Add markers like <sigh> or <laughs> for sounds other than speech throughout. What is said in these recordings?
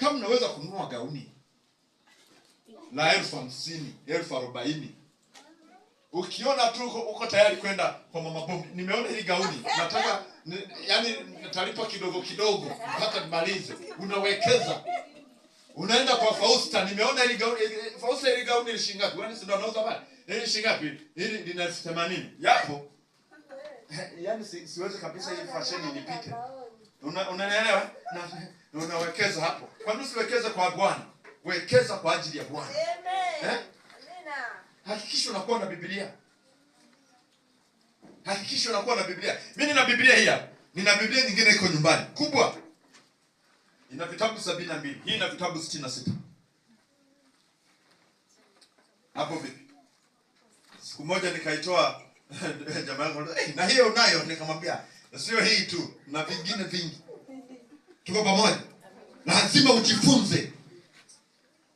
kama unaweza kununua gauni la elfu hamsini elfu arobaini ukiona tu uko tayari kwenda kwa mama Bob, nimeona hili gauni nataka ni, yani nitalipa kidogo kidogo mpaka nimalize. Unawekeza, unaenda kwa Fausta, nimeona hili gauni eh, eh, Fausta, hili gauni ni shilingi ngapi? Wewe ndio unauza pale, hili shilingi ngapi? Hili lina 80 yapo. <laughs> Yani si, siwezi kabisa hii fashion inipite. Una, unanielewa? na, na unawekeza hapo. Kwa nini usiwekeze kwa Bwana? Wekeza kwa ajili ya Bwana. Amen. Eh? Hakikisha unakuwa na Biblia. Hakikisha unakuwa na Biblia. Mimi nina Biblia hii hapa. Nina Biblia nyingine iko nyumbani. Kubwa. Ina vitabu 72. Hii ina vitabu 66. Hapo vipi? Siku moja nikaitoa <laughs> jamaa yangu, hey, eh, na hiyo unayo? Nikamwambia sio hii tu, na vingine vingi. Tuko pamoja? Lazima ujifunze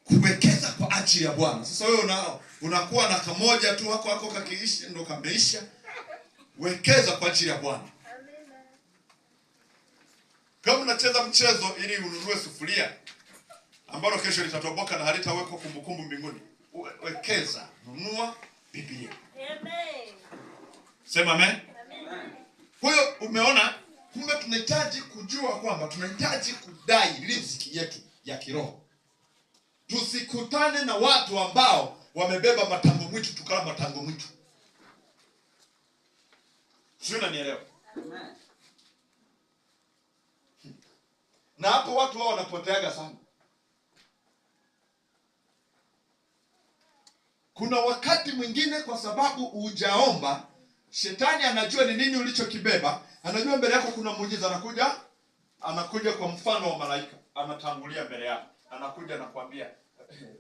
kuwekeza kwa ajili ya Bwana. Sasa wewe una, unakuwa na kamoja tu wako wako kakiishi ndo kameisha. Wekeza kwa ajili ya Bwana. Kama unacheza mchezo ili ununue sufuria ambalo kesho litatoboka na halitawekwa kumbukumbu mbinguni, wekeza, nunua Biblia. Amen. Sema amen. Amen. Kwa hiyo umeona Kumbe tunahitaji kujua kwamba tunahitaji kudai riziki yetu ya kiroho. Tusikutane na watu ambao wamebeba matango mwitu tukawa matango mwitu. Sio, unanielewa? Na hapo watu wao wanapoteaga sana. Kuna wakati mwingine kwa sababu hujaomba Shetani anajua ni nini ulichokibeba, anajua mbele yako kuna muujiza, anakuja anakuja kwa mfano wa malaika, anatangulia mbele yako, anakuja anakuambia, eh,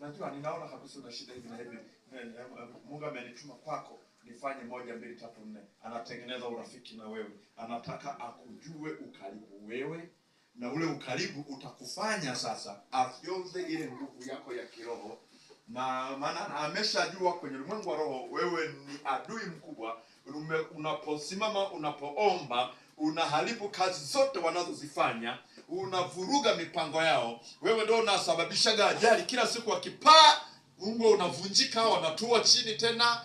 unajua ninaona kabisa una shida hivi na hivi, eh, eh, Mungu amenituma kwako nifanye moja mbili tatu nne. Anatengeneza urafiki na wewe, anataka akujue ukaribu wewe, na ule ukaribu utakufanya sasa afyonze ile nguvu yako ya kiroho na maana ameshajua kwenye ulimwengu wa roho wewe ni adui mkubwa unaposimama unapoomba unaharibu kazi zote wanazozifanya unavuruga mipango yao wewe ndo unasababishaga ajali kila siku wakipaa ungo unavunjika wanatua chini tena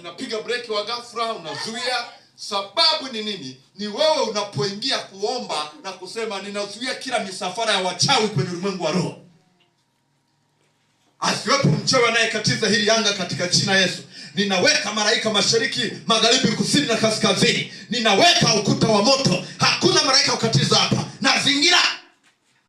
unapiga breki wa ghafla unazuia sababu ni nini ni wewe unapoingia kuomba na kusema ninazuia kila misafara ya wachawi kwenye ulimwengu wa roho asiwepo mchawi anayekatiza hili anga katika jina Yesu. Ninaweka malaika mashariki, magharibi, kusini na kaskazini. Ninaweka ukuta wa moto, hakuna malaika ukatiza